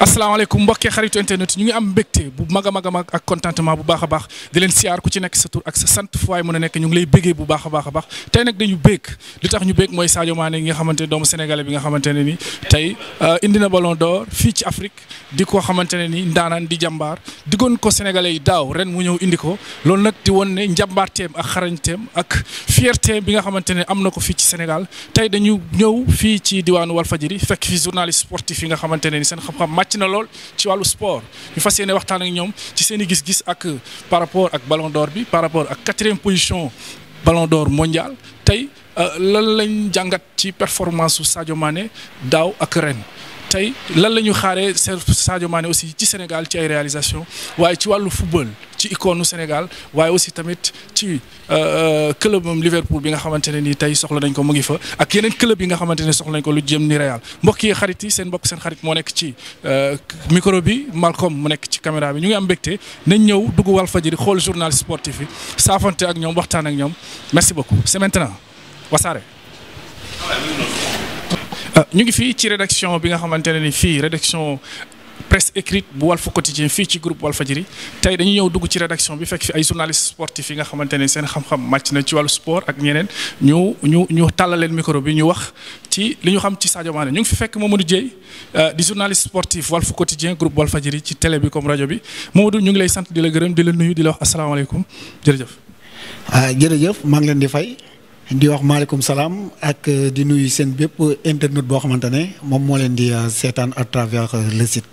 asalaamaaleykum mbokkee xaritu internet ñu ngi am mbégte bu mag a mag a mag ak contentement bu baax a baax di leen siyaar ku ci nekk sa tur ak sa sant fu waay mën a nekk ñu ngi lay béggee bu baax a baax tey nag dañu bég li tax ñu bég mooy Sadio Mané nga xamante ne doomu sénégalais bi nga xamante ne ni tey euh, indi na ballon d'or fii ci Afrique di ko xamante ne ni ndaanaan di jàmbaar diggoon ko sénégalais yi daaw ren mu ñëw indi ko loolu nag di woon ne njàmbaarteem ak xarañteem ak fierté bi nga xamante ne am na ko fii ci Sénégal tey dañu ñëw fii ci diwaanu Walfadjiri fekk fi journaliste sportif yi nga xamante ne ni seen xam-xam màcc ci na lool ci wàllu sport ñu fas yéene waxtaan ak ñoom ci seen gis-gis ak euh, par rapport ak ballon bi par rapport ak quatrième position ballon d'or mondial tey euh, lan lañ jàngat ci performance su Sadio Mané daaw ak ren. tey lan la ñu xaaree Sadio maane aussi ci Sénégal ci ay réalisation waaye ci wàllu football ci icône Sénégal waaye aussi tamit ci euh, euh, club am Liverpool bi nga xamante ne nii tey soxla nañ ko mu ngi fa ak yeneen club yi nga xamante ne soxla nañ ko lu jëm ni Real mbokk yi xarit yi seen mbokk seen xarit moo nekk ci euh, micro bi Malcolm mu nekk ci caméra bi ñu ngi am mbégte nañ ñëw dugg Walfadjri xool journal sportif yi saafante ak ñoom waxtaan ak ñoom merci beaucoup c'est maintenant Euh, ñu ngi fii ci rédaction bi nga xamante ne ni fii rédaction presse écrite bu Walf Quotidien fii ci groupe Walfadjri tey dañu ñëw dugg ci rédaction bi fekk fi ay journalistes sportifs yi nga xamante ne seen xam-xam màcc nañ ci wàllu sport ak ñeneen ñu ñu ñu tàllal leen micro bi ñu wax ci li ñu xam ci Sadio Mané ñu ngi fi fekk Mamadou Dieye euh, di journaliste sportif Walf Quotidien groupe Walfadjri ci télé bi comme rajo bi Mamadou ñu ngi lay sant di la gërëm di la nuyu di wax asalaamaaleykum jërëjëf. Ah, jërëjëf maa ngi leen di fay. di wax maaleykum salaam ak euh, di nuyu seen bépp internet boo xamante ne moom moo leen di euh, seetaan à travers euh, le site.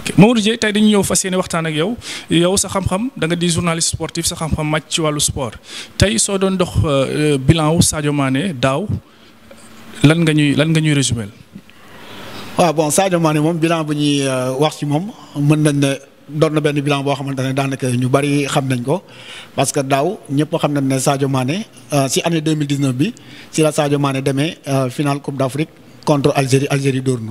ok Mamadou tey dañu ñëw fa yéene waxtaan ak yow yow sa xam-xam da nga di journaliste sportif sa xam-xam màcc ci wàllu sport tey soo doon dox bilan wu Sadio daaw lan nga ñuy lan nga ñuy résumé. waaw bon Sadio Mané moom bilan bu ñuy wax ci moom mën nañ ne doon na benn bilan boo xamante ne daanaka ñu bari xam nañ ko parce que daaw ñëpp xam nañ ne Sadio Mané euh, si année 2019 bi si la Sadio Mané demee euh, finale Coupe d'Afrique contre Algérie Algérie dóor nu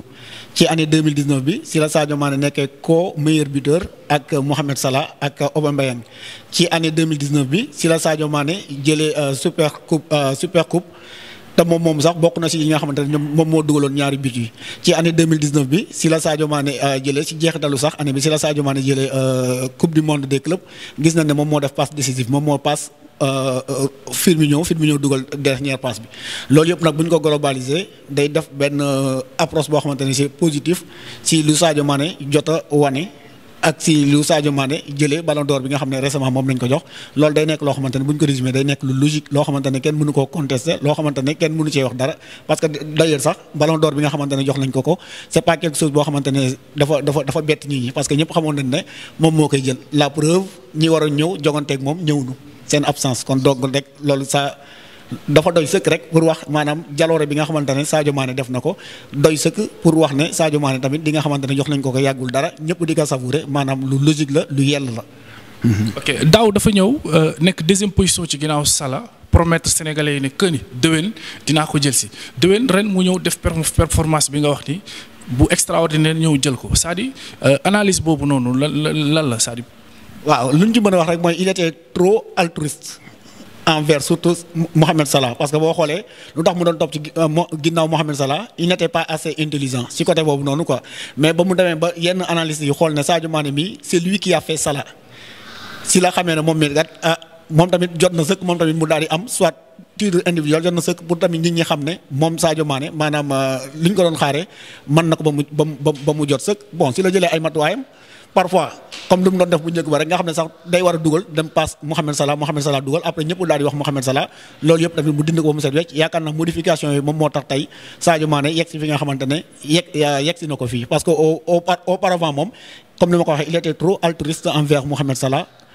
ci année 2019 bi si la Sadio Mané nekkee co meilleur buteur ak Mohamed Salah ak Aubameyang ci année 2019 bi si la Sadio Mané jëlee euh, super coupe super coupe. te moom moom sax bokk na si ñi nga xamante ne moom moo dugaloon ñaari but yi ci année 2019 bi si la Sadio Mané euh, jëlee si jeexitalu sax année bi si la Sadio Mané jëlee euh, coupe du monde des clubs gis nañ ne moom moo def passe décisive moom moo passe euh, Firmino Firmino dugal dernière passe bi loolu yëpp nag buñ ñu ko globaliser day def benn approche boo xamante ne c'est positif si lu Sadio Mané jot a wane. ak si lu Sadio Mané jëlee ballon bi nga xam ne récemment moom lañ ko jox loolu day nekk loo xamante ne ko résumé day nekk lu logique loo xamante kenn mënu cee wax dara parce que d'ailleurs sax ballon bi nga xamante jox nañ ko ko c'est pas quelque chose boo xamante dafa dafa bett nit ñi parce que ñëpp xamoon nañ ne moom moo koy jël la preuve ñi waroon ñëw joganteeg moom ñëwnu seen absence kon donc rek loolu ça dafa doy sëkk rek pour wax maanaam jaloore bi nga xamante ne Sadio Mané def na ko doy sëkk pour wax ne Sadio Mané tamit di nga xamante ne jox nañ ko ko yàggul dara ñëpp di ko savouré maanaam lu logique la lu yell la. Mm-hmm. ok daaw dafa ñëw euh, nekk deuxième position ci ginnaaw Salah promettre sénégalais yi ne que ni déwén dinaa ko jël si déwén ren mu ñëw def performance bi nga wax ni bu extraordinaire ñëw jël ko saadi à euh, analyse boobu noonu lan la c'est-à-dire. waaw lu ñu ci mën a wax envers surtout Mohamed Salah parce que boo xoolee lu tax mu doon topp ci euh, ginnaaw Mohamed Salah il n'était pas assez intelligent ci côté boobu noonu quoi mais ba mu demee ba yenn analyste yi xool ne Sadio Mané mii c'est lui qui a fait Salah si la xamee ne moom mii kat ah, moom tamit jot na sëkk moom tamit mu daal di am soit titre individuel jot na sëkk pour tamit nit ñi xam ne moom Sadio Mané maanaam euh, li ñu ko doon xaaree mën na ko ba mu ba mu ba mu jot sëkk bon si la jëlee ay matuwaayam. parfois comme lu mu doon def bu njëkk ba rek nga xam ne sax day war a dugal dem paas Mohamed Salah Mohamed Salah dugal après ñëpp daal di wax Mohamed Salah loolu yëpp tamit mu dind ko ba set wecc yaakaar naa modification yi moom moo tax tey Sadio Mané fi nga xamante ne na ko fii parce que au auparavant moom comme ni ma ko waxee il était trop altruiste envers Mohamed Salah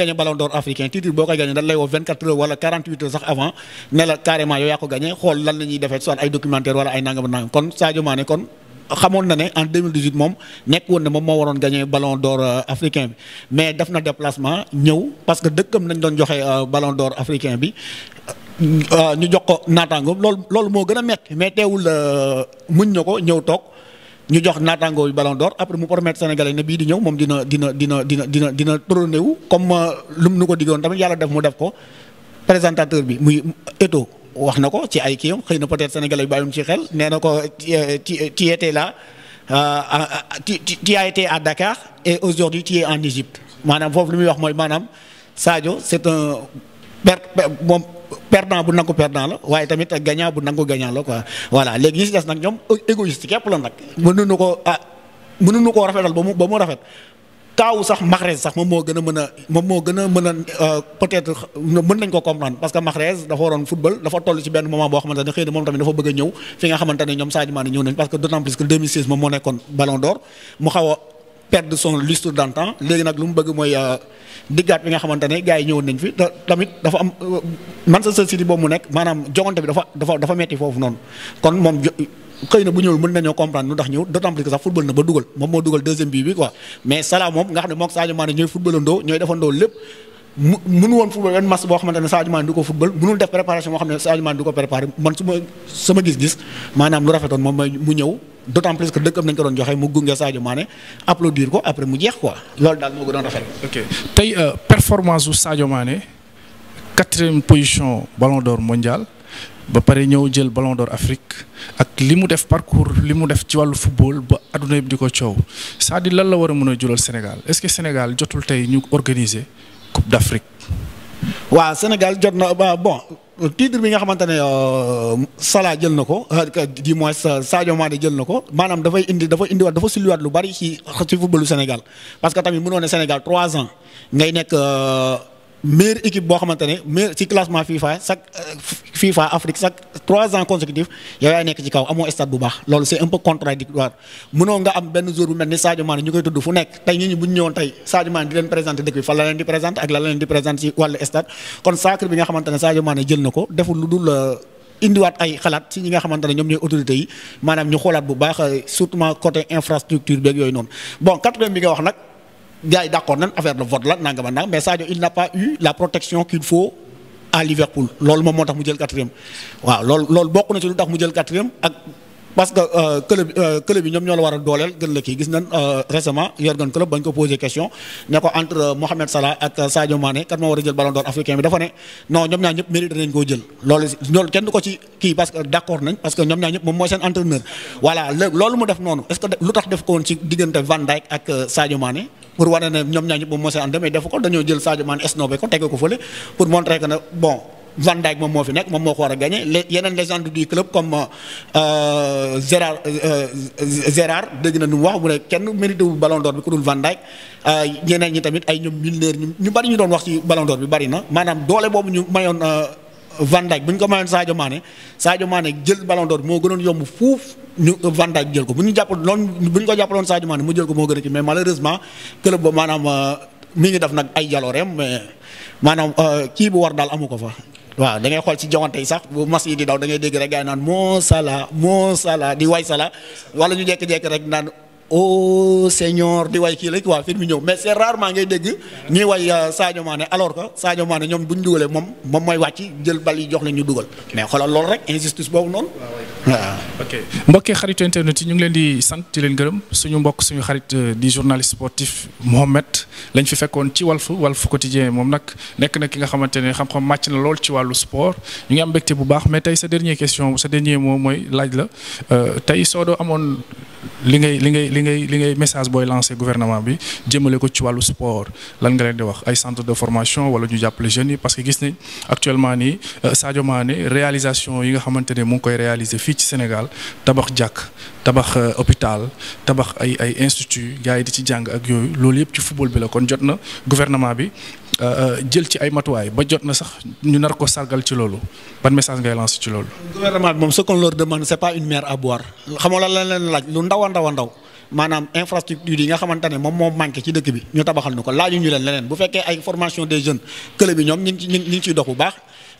gagné ballon d'or africain titre boo koy gagné dañ lay woo 24 heures wala 48 heures sax avant ne la yow yaa ko gagné xool lan la ñuy defee soit ay documentaire wala ay nangam nangam kon Sadio Mané kon xamoon na ne en 2018 moom nekk woon ne moom moo waroon gagné ballon d'or euh, africain bi mais def na déplacement ñëw parce que dëkkam nañ doon joxe euh, ballon d'or africain bi euh, ñu jox ko naataangoom loolu loolu moo gën a metti ñu jox naataangoo bi ballon d'or après mu promettre sénégalais ne bii di ñëw moom dina dina dina dina dina dina trôné wu comme euh, lum nu ko diggoon tamit yàlla def mu def ko présentateur bi muy Eto'o wax na ko ci ay kii xëy na peut-être sénégalais bi bàyyum ci nee na ko ci euh, euh, ci été là ci a été Dakar et aujourd'hui tu es maanaam foofu li muy wax mooy maanaam Sadio c'est un perte moom. perdant bu nangu perdant la waaye tamit gagnant bu nangu gagnant la quoi voilà léegi ñi si nag ñoom égoïste képp la nag mënuñu ko ah, rafetal ba mu rafet kaawu sax Mahrez sax moom moo gën a mën moo gën a euh, peut-être mën nañ ko comprendre parce que Mahrez dafa waroon football dafa toll ci benn moment boo xamante xëy na moom tamit dafa bëgg a ñëw fi nga xamante ñoom Sadio Mané ñëw nañ parce que d'autant plus que 2016 moom moo nekkoon Ballon perdre son lustre d'antan léegi nag lu mu bëgg mooy euh, diggaat bi nga xamante ne gars yi ñëwoon nañ fi tamit dafa am euh, Manchester City boobu mu nekk maanaam joŋante bi dafa dafa dafa metti foofu noonu kon moom xëy na bu ñëwul mën nañoo comprendre lu tax ñëw d'autant plus que sax football na ba dugal moom moo dugal deuxième bii bi quoi mais Salah moom nga xam ne mook Sadio Mané ñooy footballandoo ñooy defandoo lépp mu mënu woon football benn match boo xamante ne Sadio Mané du ko football mënul def préparation boo xam ne Sadio Mané du ko préparé man su ma gis-gis maanaam lu rafetoon moom mooy mu ñëw d'autant plus que dëkk am nañu ko doon joxe mu gunge Sadio Mané applaudir ko après mu jeex quoi loolu daal moo ko doon rafet. ok tey euh, performance su Sadio Mané quatrième position Ballon d'Or mondial ba pare ñëw jël Ballon d'Or Afrique ak li mu def parcours li mu def ci wàllu football ba adduna yëpp di ko coow cest lan la war a mën a jural Sénégal est-ce Sénégal jotul tey ñu organiser. d'Afrique. waaw Sénégal jot na bon titre bi nga xamante ne euh, Salah jël na ko euh, du sa Sadio Mané jël na ko maanaam dafay indi dafa indiwaat dafa sulliwaat lu bari ci ci footballu Sénégal parce que tamit mënoo ne Sénégal trois ans ngay nekk euh, meilleure équipe boo xamante ne meilleure ci classement FIFA chaque FIFA Afrique chaque trois ans consécutifs yow yaay nekk ci kaw amoo stade bu baax loolu c'est un peu contradictoire mënoo nga am benn jour bu mel ni Sadio Mané ñu koy tudd fu nekk tey ñi ñu bu ñu tey Sadio Mané di leen présenté dëkk fa la leen di présenté ak la leen di présenté ci wàllu stade kon sacre bi nga xamante ne Sadio jël na ko deful lu dul euh, indiwaat ay xalaat ci ñi nga xamante ñoom ñooy autorités yi maanaam ñu xoolaat bu baax euh, à Liverpool loolu moom moo tax mu jël quatrième waaw loolu loolu bokk na ci lu tax mu jël quatrième ak parce que euh, euh, club yi ñoom ñoo la war dooleel gën la kii gis nañ euh, récemment Jürgen Klopp bañ ko posé question ne ko entre Mohamed Salah ak Sadio Mané kat moo war a jël ballon d'or africain bi dafa ne non ñoom ñaar ñëpp mérité nañ koo jël loolu loolu ko kii parce que d' accord nañ parce que ñoom ñaar ñëpp moom mooy seen entraîneur mu def noonu est que lu tax def ko woon ci diggante Van Dijk ak Sadio Mané pour wane ne ñoom ñaar ñëpp moom moo see ànd mais defu ko dañoo jël Sadio Mané esnobé ko tege ko fële pour montrer que ne bon Van Dijk moom moo fi nekk moom moo ko war a gagné les yeneen légende du club comme euh, Gérard euh, Gérard dégg na nu wax wu ne kenn mérité wu ballon d'or bi ku dul Van Dijk euh, ñeneen ñi tamit ay ñoom Milner ñu bari ñu doon wax ci ballon d'or bi bari na maanaam doole boobu ñu mayoon. Van Dijk bu ñu ko mayoon Sadio Mané Sadio jël ballon moo gënoon yomb fuuf ñu Van jël ko bu ñu jàpp loolu bu ñu ko jàppaloon Sadio Mané mu jël ko moo gën a ci mais malheureusement club ba maanaam euh, mi ngi def nag ay jalooreem mais maanaam euh, kii bu war daal amu ko fa. waaw da ngay xool ci jawante yi sax bu mas yi di daw da ngay dégg rek gaa yi naan moo Salah moo Salah di way Salah wala ñu jékki-jékki rek naan. oh Seigneur di waay kii la quoi fit mi ñëw mais c'est rarement ngay dégg ñuy way euh, Sadio Mané alors que Sadio ñoom bu ñu dugalee moom moom mooy wàcc jël bal jox la ñu dugal mais xoolal loolu rek injustice boobu noonu waaw. ok mbokki xaritu internet yi ñu ngi leen di sant di leen gërëm suñu mbokk suñu xarit euh, di journaliste sportif Mohamed lañ fi fekkoon ci Walf Walf Quotidien moom nag nekk na ki nga xamante ne xam-xam na lool ci wàllu sport ñu ngi am bu baax mais tey sa dernière question sa dernier moom mooy laaj la euh, tey soo amoon. li ngay li ngay li ngay li ngay message booy lancé gouvernement bi jëmale ko ci wàllu sport lan nga leen di wax ay centre de formation wala ñu jàppale jeunes yi parce que gis nañ actuellement nii euh, Sadio Mané réalisation yi nga xamante ne mu ngi koy réaliser fii ci Sénégal tabax jàkk tabax euh, hôpital tabax ay ay institut gars yi di ci jàng ak yooyu loolu yëpp ci football bi la kon jot na gouvernement bi euh, jël ci ay matuwaay ba jot na sax ñu nar ko sargal ci loolu ban message ngay lancé ci loolu. ndaw a ndaw a ndaw maanaam infrastructure yi nga xamante ne moom moo manqué ci dëkk bi ñu tabaxal nu ko laaju ñu leen leneen bu fekkee ay formation des jeunes club yi ñoom ñu ngi ñu ngi ciy dox bu baax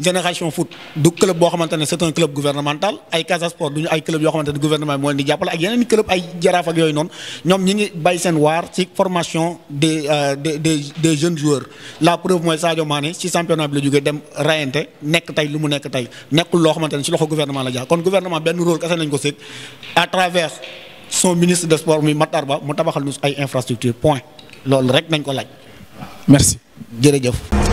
génération foot du club boo xamante ne c'est un club gouvernemental ay Casa Sport du ñu ay club yoo xamante gouvernement bi moo leen jàppale ak yeneen i ay jaraaf ak yooyu noonu ñoom ñi ngi bay seen waar ci formation euh, des des jeunes joueurs la preuve mooy Sadio Mané ci championnat bi la jógee dem rayante nekk tey lu mu nekk tey nekkul loo xamante ne ci loxo gouvernement la jaar kon gouvernement benn rôle ko séq à travers son ministre de sport muy Matar Ba mu tabaxal ñu ay infrastructure point loolu rek nañ ko laaj. merci jërëjëf.